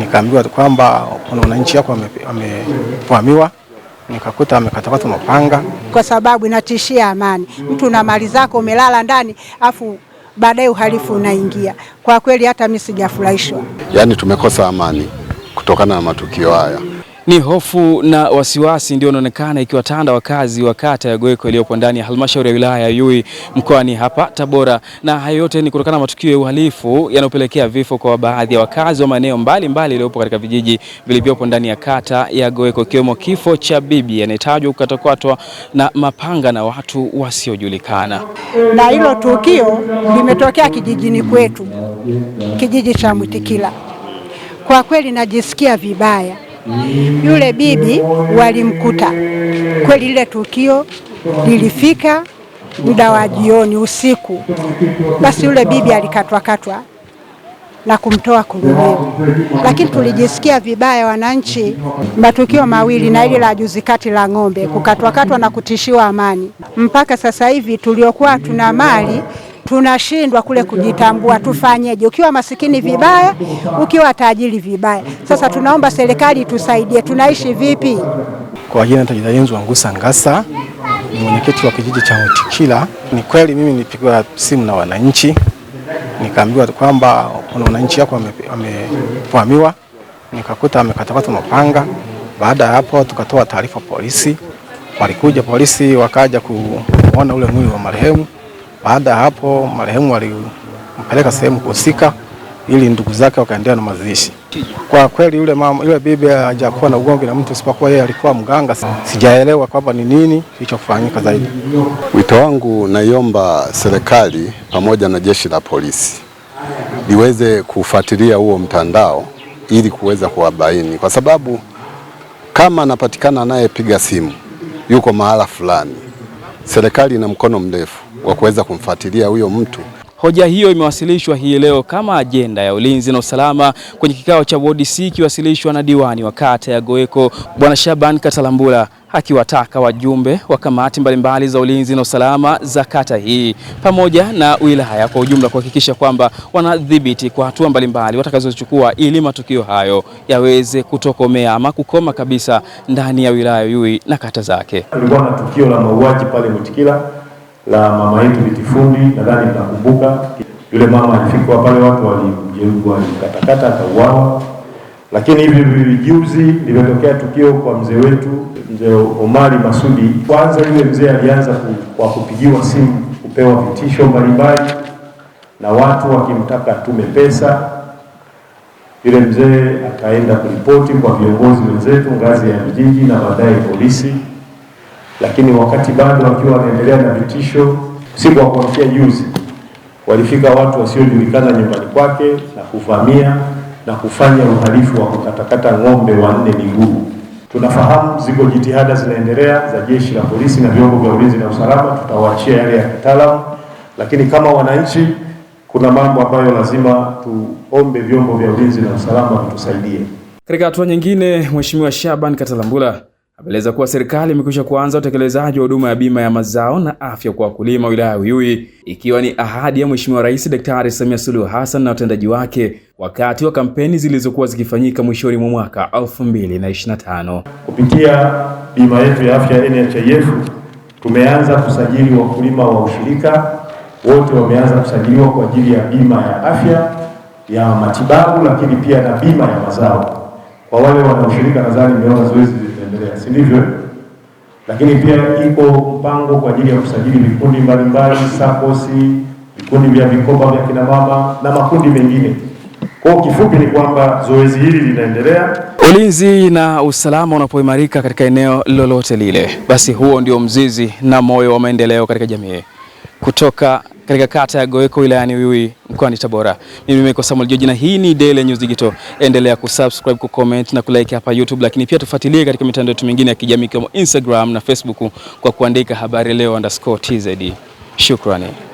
nikaambiwa kwamba kuna wananchi yako wamekwamiwa, nikakuta amekatakata mapanga, kwa sababu inatishia amani. Mtu na mali zako umelala ndani, afu baadaye uhalifu unaingia. Kwa kweli hata mimi sijafurahishwa, yaani tumekosa amani kutokana na matukio haya. Ni hofu na wasiwasi ndio unaonekana ikiwatanda wakazi wa kata ya Goeko iliyopo ndani ya halmashauri ya wilaya ya Yui mkoani hapa Tabora, na hayo yote ni kutokana na matukio ya uhalifu yanayopelekea vifo kwa baadhi ya wakazi wa maeneo mbalimbali iliyopo katika vijiji vilivyopo ndani ya kata ya Goeko, ikiwemo kifo cha bibi anayetajwa kukatakatwa na mapanga na watu wasiojulikana. Na hilo tukio limetokea kijijini kwetu, kijiji cha Mwitikila. Kwa kweli najisikia vibaya yule bibi walimkuta kweli, lile tukio lilifika muda wa jioni, usiku. Basi yule bibi alikatwakatwa na kumtoa kululiu, lakini tulijisikia vibaya wananchi. Matukio mawili na ile la juzi kati la ng'ombe kukatwakatwa na kutishiwa amani, mpaka sasa hivi tuliokuwa tuna mali tunashindwa kule kujitambua. Tufanyeje? Ukiwa masikini vibaya, ukiwa tajiri vibaya. Sasa tunaomba serikali tusaidie, tunaishi vipi? Kwa jina Tajidayenzu Wangusa Ngasa ni mwenyekiti wa kijiji cha Mwitikila. Ni kweli mimi nilipigwa simu na wananchi nikaambiwa kwamba kuna wananchi yako wamekwamiwa, nikakuta amekatakata mapanga. Baada ya hapo, tukatoa taarifa polisi, walikuja polisi wakaja kuona ule mwili wa marehemu. Baada ya hapo, marehemu alimpeleka sehemu husika ili ndugu zake wakaendea na mazishi. Kwa kweli, yule mama, yule bibi hajakuwa na ugomvi na mtu isipokuwa yeye alikuwa mganga. Sijaelewa kwamba ni nini kilichofanyika zaidi. Wito wangu, naiomba serikali pamoja na jeshi la polisi liweze kufuatilia huo mtandao ili kuweza kuwabaini, kwa sababu kama anapatikana anayepiga simu yuko mahala fulani, serikali ina mkono mrefu wa kuweza kumfuatilia huyo mtu. Hoja hiyo imewasilishwa hii leo kama ajenda ya ulinzi na usalama kwenye kikao cha bodi C ikiwasilishwa na diwani wa kata ya Goeko Bwana Shaban Katalambula akiwataka wajumbe wa kamati mbalimbali za ulinzi na usalama za kata hii pamoja na wilaya kwa ujumla kuhakikisha kwamba wanadhibiti kwa hatua mbalimbali watakazochukua ili matukio hayo yaweze kutokomea ama kukoma kabisa ndani ya wilaya Uyui na kata zake. Kulikuwa na tukio la mauaji pale Mutikila la mama yetu Vitifundi, nadhani mnakumbuka, yule mama alifikwa pale, watu walimjeruhi, walimkatakata akauawa. Lakini hivi vijuzi limetokea tukio kwa mzee wetu mzee Omari Masudi. Kwanza yule mzee alianza kwa kupigiwa simu, kupewa vitisho mbalimbali na watu wakimtaka tume pesa. Yule mzee akaenda kuripoti kwa viongozi wenzetu ngazi ya vijiji na baadaye polisi lakini wakati bado wakiwa wanaendelea na vitisho, siku wa kuamkia juzi walifika watu wasiojulikana nyumbani kwake na kuvamia na kufanya uhalifu wa kukatakata ng'ombe wanne miguu. Tunafahamu ziko jitihada zinaendelea za jeshi la polisi na vyombo vya ulinzi na usalama, tutawaachia yale ya kitaalamu, lakini kama wananchi, kuna mambo ambayo lazima tuombe vyombo vya ulinzi na usalama vitusaidie. Katika hatua nyingine, Mheshimiwa Shaban Katalambula ameeleza kuwa serikali imekwisha kuanza utekelezaji wa huduma ya bima ya mazao na afya kwa wakulima wilaya ya Uyui, ikiwa ni ahadi ya Mheshimiwa Rais Daktari Samia Suluhu Hassan na watendaji wake wakati wa kampeni zilizokuwa zikifanyika mwishoni mwa mwaka 2025. Kupitia bima yetu ya afya NHIF tumeanza kusajili wakulima wa ushirika wote, wameanza kusajiliwa kwa ajili ya bima ya afya ya matibabu, lakini pia na bima ya mazao kwa wale wanaoshirika. Nadhani mmeona zoezi kinaendelea, si ndivyo? Lakini pia iko mpango kwa ajili ya kusajili vikundi mbalimbali, sakosi, vikundi vya vikoba vya kina mama na makundi mengine. Kwa kifupi ni kwamba zoezi hili linaendelea. Ulinzi na usalama unapoimarika katika eneo lolote lile, basi huo ndio mzizi na moyo wa maendeleo katika jamii. Kutoka katika kata ya Goweko wilayani Uyui mkoani Tabora. Mimi ni Samuel George na hii ni Daily News Digital. Endelea kusubscribe, kucomment na kulike hapa YouTube, lakini pia tufuatilie katika mitandao yetu mingine ya kijamii kama Instagram na Facebook kwa kuandika habari leo underscore tz. Shukrani.